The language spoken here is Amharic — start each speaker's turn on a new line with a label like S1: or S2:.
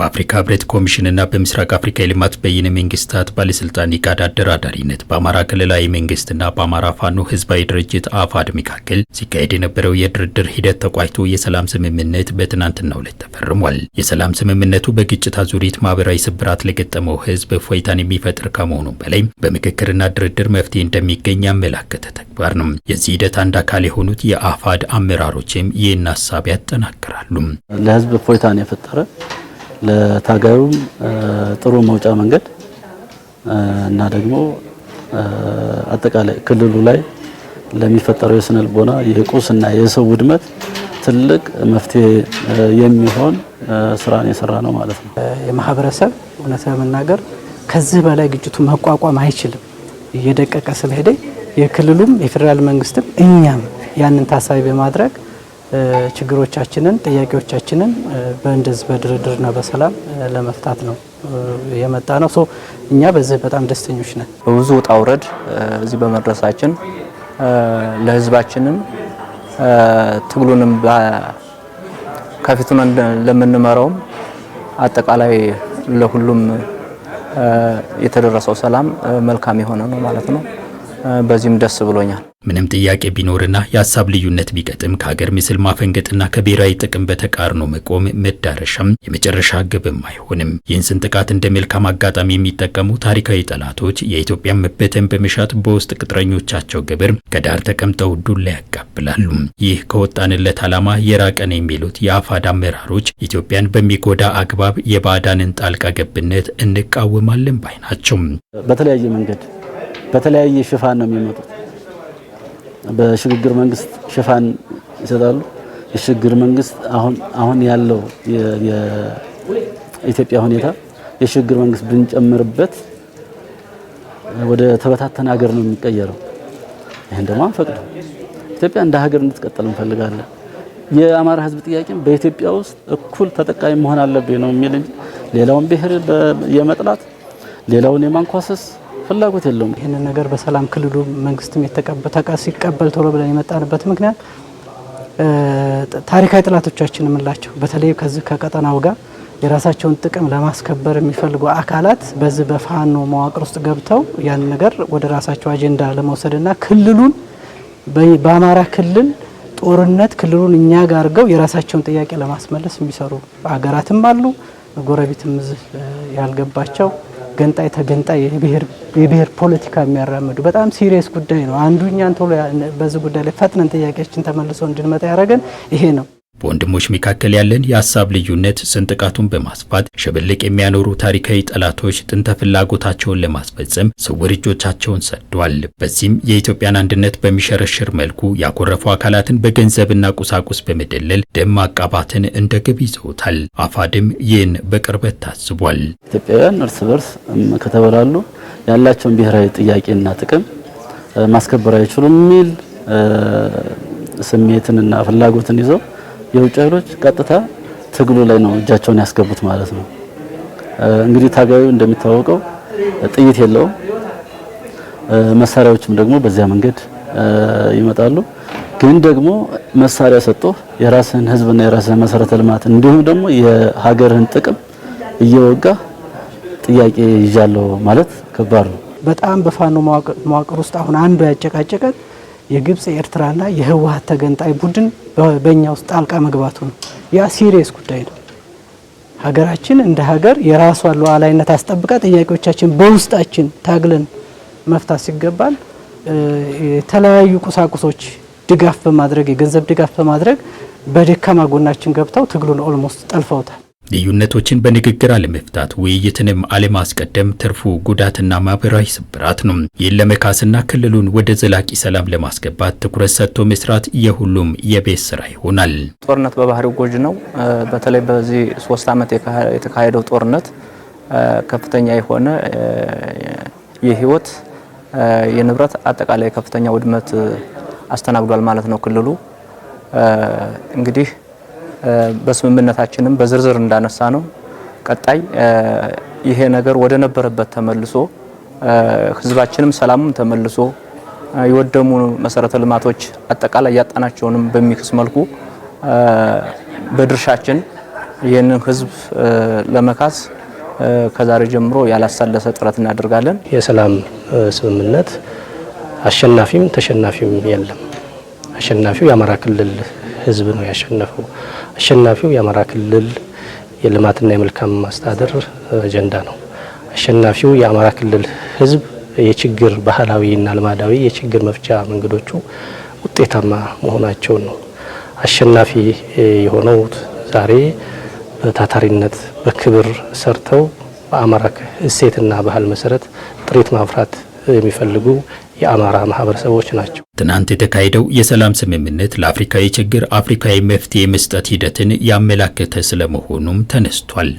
S1: በአፍሪካ ህብረት ኮሚሽንና በምስራቅ አፍሪካ የልማት በይነ መንግስታት ባለስልጣን ኢጋድ አደራዳሪነት በአማራ ክልላዊ መንግስትና በአማራ ፋኖ ህዝባዊ ድርጅት አፋድ መካከል ሲካሄድ የነበረው የድርድር ሂደት ተቋጭቶ የሰላም ስምምነት በትናንትናው ዕለት ተፈርሟል። የሰላም ስምምነቱ በግጭት አዙሪት ማህበራዊ ስብራት ለገጠመው ህዝብ እፎይታን የሚፈጥር ከመሆኑ በላይ በምክክርና ድርድር መፍትሄ እንደሚገኝ ያመላከተ ተግባር ነው። የዚህ ሂደት አንድ አካል የሆኑት የአፋድ አመራሮችም ይህን ሀሳብ ያጠናክራሉ።
S2: ለህዝብ እፎይታን የፈጠረ ለታጋዩም ጥሩ መውጫ መንገድ እና ደግሞ አጠቃላይ ክልሉ ላይ ለሚፈጠረው የስነ ልቦና የቁስና የሰው ውድመት ትልቅ መፍትሄ የሚሆን ስራን የሰራ ነው ማለት ነው።
S3: የማህበረሰብ እውነት ለመናገር ከዚህ በላይ ግጭቱ መቋቋም አይችልም። እየደቀቀ ስለሄደ የክልሉም የፌዴራል መንግስትም እኛም ያንን ታሳቢ በማድረግ ችግሮቻችንን፣ ጥያቄዎቻችንን በእንደዚህ በድርድርና በሰላም ለመፍታት ነው የመጣ ነው። ሶ እኛ በዚህ በጣም ደስተኞች ነን።
S4: በብዙ ውጣ ውረድ እዚህ በመድረሳችን ለህዝባችንም ትግሉንም ከፊቱን ለምንመራውም አጠቃላይ ለሁሉም የተደረሰው ሰላም መልካም የሆነ ነው ማለት ነው። በዚህም ደስ ብሎኛል።
S1: ምንም ጥያቄ ቢኖርና የሀሳብ ልዩነት ቢቀጥም ከሀገር ምስል ማፈንገጥና ከብሔራዊ ጥቅም በተቃርኖ መቆም መዳረሻም የመጨረሻ ግብም አይሆንም። ይህንስን ጥቃት እንደ መልካም አጋጣሚ የሚጠቀሙ ታሪካዊ ጠላቶች የኢትዮጵያን መበተን በመሻት በውስጥ ቅጥረኞቻቸው ግብር ከዳር ተቀምጠው ዱላ ያቃብላሉ። ይህ ከወጣንለት ዓላማ የራቀን የሚሉት የአፋድ አመራሮች ኢትዮጵያን በሚጎዳ አግባብ የባዕዳንን ጣልቃ ገብነት እንቃወማለን ባይ ናቸው።
S2: በተለያየ መንገድ በተለያየ ሽፋን ነው የሚመጡት በሽግግር መንግስት ሽፋን ይሰጣሉ። የሽግግር መንግስት አሁን አሁን ያለው የኢትዮጵያ ሁኔታ የሽግግር መንግስት ብንጨምርበት ወደ ተበታተነ ሀገር ነው የሚቀየረው። ይህን ደግሞ አንፈቅዱ። ኢትዮጵያ እንደ ሀገር እንድትቀጥል እንፈልጋለን። የአማራ ህዝብ ጥያቄም በኢትዮጵያ ውስጥ እኩል ተጠቃሚ መሆን አለብኝ ነው የሚል እንጂ ሌላውን ብሔር የመጥላት ሌላውን የማንኳሰስ ፍላጎት የለውም።
S3: ይህንን ነገር በሰላም ክልሉ መንግስትም ሲቀበል ቶሎ ብለን የመጣንበት ምክንያት ታሪካዊ ጥላቶቻችን የምንላቸው በተለይ ከዚህ ከቀጠናው ጋር የራሳቸውን ጥቅም ለማስከበር የሚፈልጉ አካላት በዚህ በፋኖ መዋቅር ውስጥ ገብተው ያን ነገር ወደ ራሳቸው አጀንዳ ለመውሰድና ክልሉን በአማራ ክልል ጦርነት ክልሉን እኛ ጋር አድርገው የራሳቸውን ጥያቄ ለማስመለስ የሚሰሩ አገራትም አሉ። ጎረቤትም ያልገባቸው ገንጣይ ተገንጣይ የብሔር ፖለቲካ የሚያራምዱ በጣም ሲሪየስ ጉዳይ ነው። አንዱ እኛን ቶሎ በዚህ ጉዳይ ላይ ፈጥነን ጥያቄዎችን ተመልሶ እንድንመጣ ያደረገን ይሄ ነው።
S1: በወንድሞች መካከል ያለን የሀሳብ ልዩነት ስንጥቃቱን በማስፋት ሽብልቅ የሚያኖሩ ታሪካዊ ጠላቶች ጥንተ ፍላጎታቸውን ለማስፈጸም ስውር እጆቻቸውን ሰደዋል። በዚህም የኢትዮጵያን አንድነት በሚሸረሽር መልኩ ያኮረፉ አካላትን በገንዘብና ቁሳቁስ በመደለል ደም አቃባትን እንደ ግብ ይዘውታል። አፋድም ይህን በቅርበት ታስቧል።
S2: ኢትዮጵያውያን እርስ በርስ ከተበላሉ ያላቸውን ብሔራዊ ጥያቄና ጥቅም ማስከበር አይችሉም የሚል ስሜትንና ፍላጎትን ይዘው የውጭ ኃይሎች ቀጥታ ትግሉ ላይ ነው እጃቸውን ያስገቡት ማለት ነው። እንግዲህ ታጋዩ እንደሚታወቀው ጥይት የለውም። መሳሪያዎችም ደግሞ በዚያ መንገድ ይመጣሉ። ግን ደግሞ መሳሪያ ሰጥቶ የራስህን ህዝብና የራስህን መሰረተ ልማት እንዲሁም ደግሞ የሀገርህን ጥቅም እየወጋ ጥያቄ ይዣለሁ ማለት ከባድ ነው
S3: በጣም በፋኖ መዋቅር ውስጥ አሁን አንዱ ያጨቃጨቀን የግብፅ የኤርትራና የህወሀት ተገንጣይ ቡድን በእኛ ውስጥ ጣልቃ መግባቱ ነው። ያ ሲሪየስ ጉዳይ ነው። ሀገራችን እንደ ሀገር የራሷ ሉዓላዊነት አስጠብቃ ጥያቄዎቻችን በውስጣችን ታግለን መፍታት ሲገባል የተለያዩ ቁሳቁሶች ድጋፍ በማድረግ የገንዘብ ድጋፍ በማድረግ በደካማ ጎናችን ገብተው ትግሉን ኦልሞስት ጠልፈውታል።
S1: ልዩነቶችን በንግግር አለመፍታት ውይይትንም አለማስቀደም ትርፉ ጉዳትና ማህበራዊ ስብራት ነው። ይህን ለመካስና ክልሉን ወደ ዘላቂ ሰላም ለማስገባት ትኩረት ሰጥቶ መስራት የሁሉም የቤት ስራ ይሆናል።
S4: ጦርነት በባህሪው ጎጅ ነው። በተለይ በዚህ ሶስት ዓመት የተካሄደው ጦርነት ከፍተኛ የሆነ የህይወት የንብረት አጠቃላይ ከፍተኛ ውድመት አስተናግዷል ማለት ነው ክልሉ እንግዲህ በስምምነታችንም በዝርዝር እንዳነሳ ነው ቀጣይ ይሄ ነገር ወደ ነበረበት ተመልሶ ህዝባችንም ሰላሙም ተመልሶ የወደሙ መሰረተ ልማቶች አጠቃላይ ያጣናቸውንም በሚክስ መልኩ በድርሻችን ይህንን ህዝብ ለመካስ ከዛሬ ጀምሮ ያላሳለሰ ጥረት እናደርጋለን።
S5: የሰላም ስምምነት አሸናፊም ተሸናፊም የለም። አሸናፊው የአማራ ክልል ህዝብ ነው ያሸነፈው። አሸናፊው የአማራ ክልል የልማትና የመልካም ማስተዳደር አጀንዳ ነው። አሸናፊው የአማራ ክልል ህዝብ የችግር ባህላዊና ልማዳዊ የችግር መፍቻ መንገዶቹ ውጤታማ መሆናቸውን ነው። አሸናፊ የሆነው ዛሬ በታታሪነት በክብር ሰርተው በአማራ እሴትና ባህል መሰረት ጥሪት ማፍራት የሚፈልጉ የአማራ ማህበረሰቦች ናቸው።
S1: ትናንት የተካሄደው የሰላም ስምምነት ለአፍሪካዊ ችግር አፍሪካዊ መፍትሄ መስጠት ሂደትን ያመላከተ ስለመሆኑም ተነስቷል።